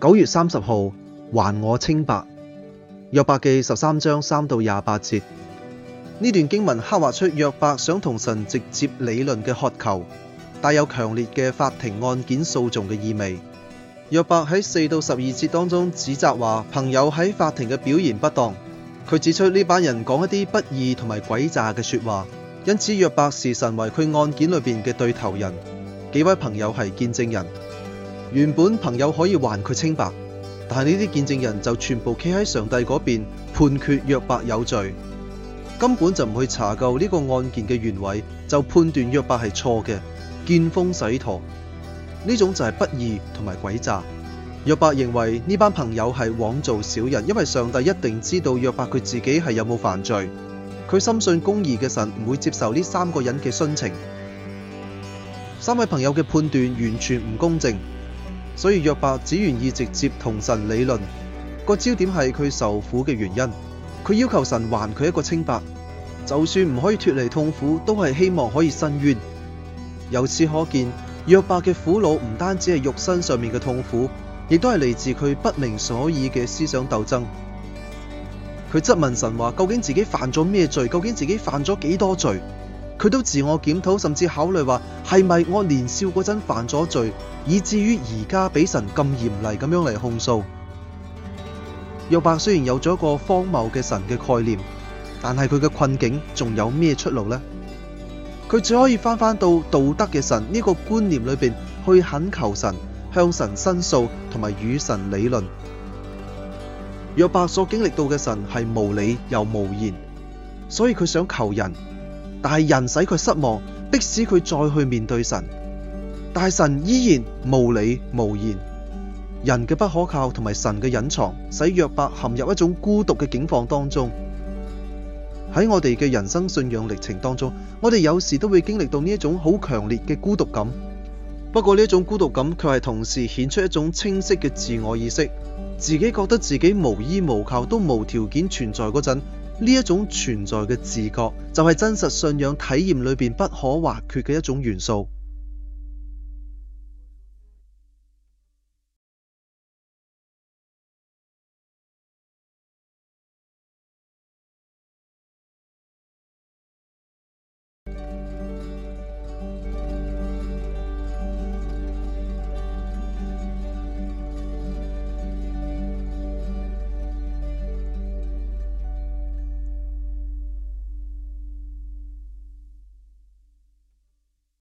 九月三十號，還我清白。約伯記十三章三到廿八節，呢段經文刻畫出約伯想同神直接理論嘅渴求，帶有強烈嘅法庭案件訴訟嘅意味。約伯喺四到十二節當中指責話，朋友喺法庭嘅表現不當。佢指出呢班人講一啲不義同埋詭詐嘅說話，因此約伯視神為佢案件裏邊嘅對頭人，幾位朋友係見證人。原本朋友可以還佢清白，但係呢啲見證人就全部企喺上帝嗰邊，判決約伯有罪，根本就唔去查究呢個案件嘅原委，就判斷約伯係錯嘅，見風使舵，呢種就係不義同埋詭詐。約伯認為呢班朋友係枉做小人，因為上帝一定知道約伯佢自己係有冇犯罪，佢深信公義嘅神唔會接受呢三個人嘅殉情，三位朋友嘅判斷完全唔公正。所以約伯只願意直接同神理論，個焦點係佢受苦嘅原因。佢要求神還佢一個清白，就算唔可以脫離痛苦，都係希望可以申冤。由此可見，約伯嘅苦惱唔單止係肉身上面嘅痛苦，亦都係嚟自佢不明所以嘅思想鬥爭。佢質問神話，究竟自己犯咗咩罪？究竟自己犯咗幾多罪？佢都自我檢討，甚至考慮話係咪我年少嗰陣犯咗罪？以至於而家俾神咁嚴厲咁樣嚟控訴，約伯雖然有咗一個荒謬嘅神嘅概念，但係佢嘅困境仲有咩出路呢？佢只可以返返到道德嘅神呢個觀念裏邊去懇求神，向神申訴同埋與神理論。約伯所經歷到嘅神係無理又無言，所以佢想求人，但係人使佢失望，迫使佢再去面對神。但神依然無理無言，人嘅不可靠同埋神嘅隱藏，使約伯陷入一種孤獨嘅境況當中。喺我哋嘅人生信仰歷程當中，我哋有時都會經歷到呢一種好強烈嘅孤獨感。不過呢一種孤獨感，卻係同時顯出一種清晰嘅自我意識。自己覺得自己無依無靠，都無條件存在嗰陣，呢一種存在嘅自覺，就係真實信仰體驗裏邊不可或缺嘅一種元素。